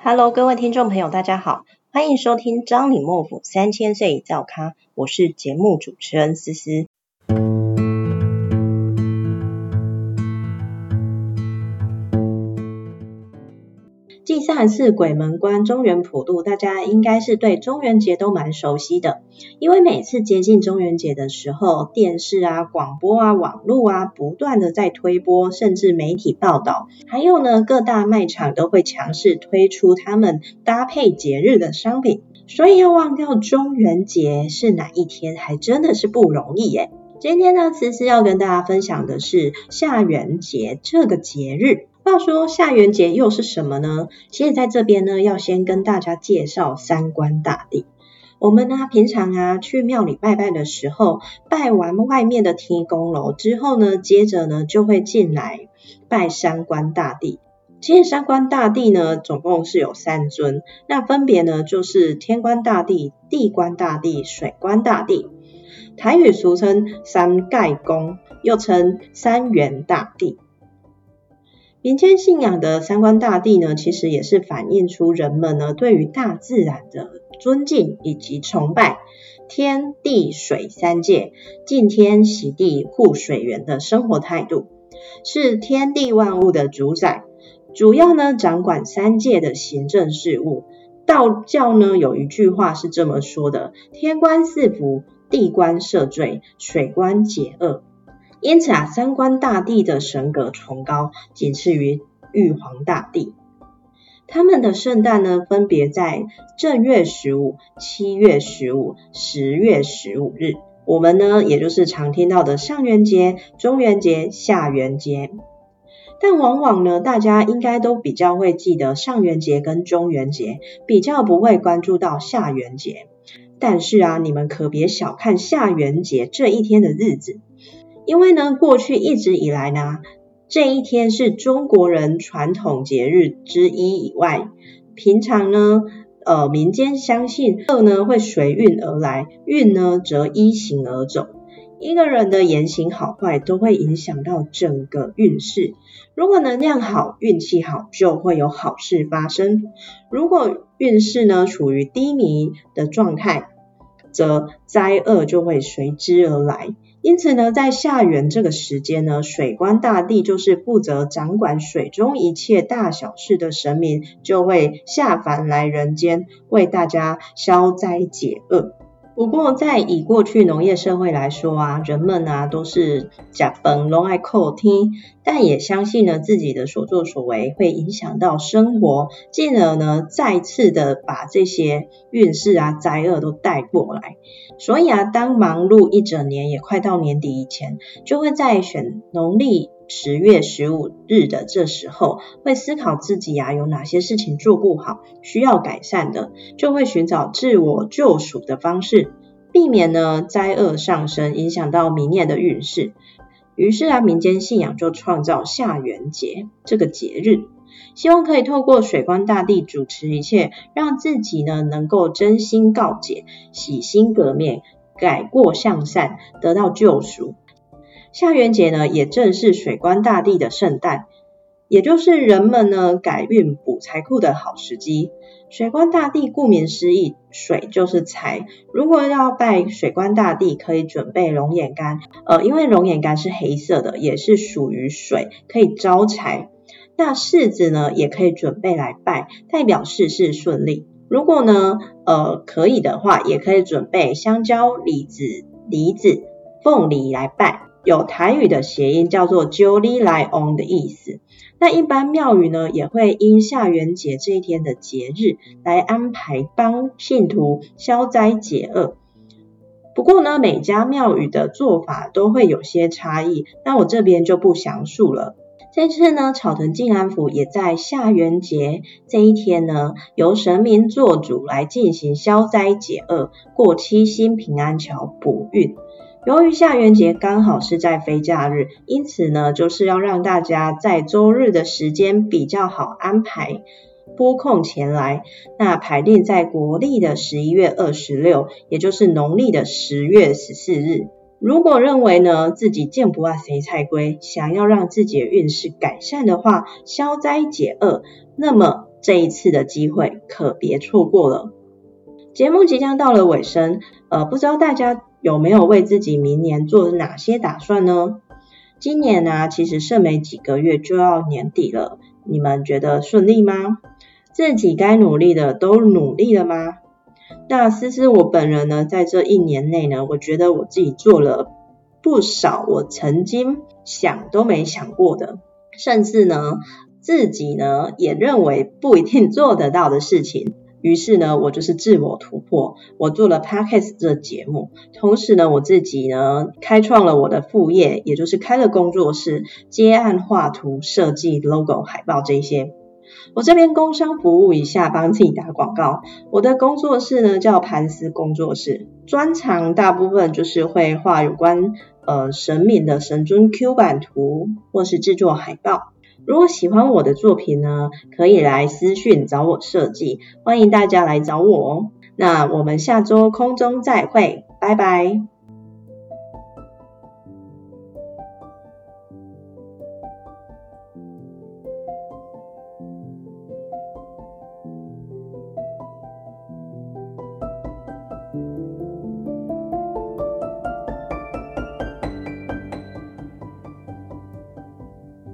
Hello，各位聽眾朋友，大家好，歡迎收聽張李莫府三千歲造咖，我是節目主持人思思。第三次鬼門關，中元普渡，大家應該是對中元節都蠻熟悉的，因為每次接近中元節的時候，電視啊、廣播啊、網絡啊，不斷的在推播，甚至媒體報道，還有呢各大賣場都會強勢推出他們搭配節日的商品，所以要忘掉中元節是哪一天，還真的是不容易耶。今天呢，絲絲要跟大家分享的是下元節這個節日。話說下元節又是什麼呢？其實在這邊呢，要先跟大家介紹三官大帝。我們呢、啊、平常啊去廟裡拜拜的時候，拜完外面的天公爐之後呢，接着呢就會進來拜三官大帝。其實三官大帝呢，總共是有三尊，那分別呢就是天官大帝、地官大帝、水官大帝。台語俗稱三界公，又稱三元大帝」。民間信仰的三官大帝呢，其實也是反映出人們呢對於大自然的尊敬以及崇拜，天地水三界敬天惜地護水源的生活態度，是天地萬物的主宰，主要呢掌管三界的行政事務。道教呢有一句話是這麼說的：天官賜福，地官赦罪，水官解厄。因此啊，三官大帝的神格崇高，僅次於玉皇大帝。他們的聖誕呢，分別在正月十五、七月十五、十月十五日。我們呢，也就是常聽到的上元節、中元節、下元節。但往往呢，大家應該都比較會記得上元節跟中元節，比較不會關注到下元節。但是啊，你們可別小看下元節這一天的日子。因為呢，過去一直以來呢，這一天是中國人傳統節日之一以外，平常呢，呃，民間相信厄呢會隨運而來，運呢則依行而走。一個人的言行好壞都會影響到整個運勢。如果能量好，運氣好，就會有好事發生；如果運勢呢處於低迷的狀態，則災厄就會隨之而來。因此呢，在下元這個時間呢，水官大帝就是負責掌管水中一切大小事的神明，就會下凡來人間，為大家消災解厄。不過，在以過去農業社會來說啊，人們啊都是呷飯攏愛靠天，但也相信呢自己的所作所為會影響到生活，進而呢再次的把這些運勢啊災厄都帶過來。所以啊，當忙碌一整年也快到年底以前，就會在選農曆。十月十五日的這時候，會思考自己啊有哪些事情做不好、需要改善的，就會尋找自我救贖的方式，避免呢災厄上升，影響到明年的運勢。於是啊，民間信仰就創造下元節這個節日，希望可以透過水官大帝主持一切，讓自己呢能夠真心告解，洗心革面，改過向善，得到救贖。下元節呢，也正是水官大帝的聖誕，也就是人們呢改運補財庫的好時機。水官大帝顧名思義，水就是財。如果要拜水官大帝，可以準備龍眼乾，呃，因為龍眼乾是黑色的，也是屬於水，可以招財。那柿子呢，也可以準備來拜，代表事事順利。如果呢，呃，可以的話，也可以準備香蕉、李子、梨子、鳳梨來拜。有台語的諧音叫做 “Julie Lyon” 的意思。那一般廟宇呢，也會因下元節這一天的節日來安排幫信徒消災解厄。不過呢，每家廟宇的做法都會有些差異，那我這邊就不詳述了。這次呢，草屯晉安府也在下元節這一天呢，由神明做主來進行消災解厄、過七星平安橋、補運。由於下元節剛好是在非假日，因此呢，就是要讓大家在週日的時間比較好安排撥空前來。那排定在國曆的十一月二十六，也就是農曆的十月十四日。如果認為呢，自己見不化誰菜龜，想要讓自己的運勢改善的話，消災解厄，那麼這一次的機會可別錯過了。節目即將到了尾聲，呃，不知道大家。有沒有為自己明年做哪些打算呢？今年呢、啊，其實剩沒幾個月就要年底了，你們覺得順利嗎？自己該努力的都努力了嗎？那思思，我本人呢，在這一年內呢，我覺得我自己做了不少我曾經想都沒想過的，甚至呢，自己呢，也認為不一定做得到的事情。於是呢，我就是自我突破，我做了 podcast 這節目，同時呢，我自己呢，開創了我的副業，也就是開了工作室，接案畫圖、設計 logo、海報這些。我這邊工商服務一下，幫自己打廣告。我的工作室呢，叫盤絲工作室，專長大部分就是會畫有關呃神明的神尊 Q 版圖，或是製作海報。如果喜歡我的作品呢，可以來私訊找我設計，歡迎大家來找我哦。那我們下周空中再會，拜拜。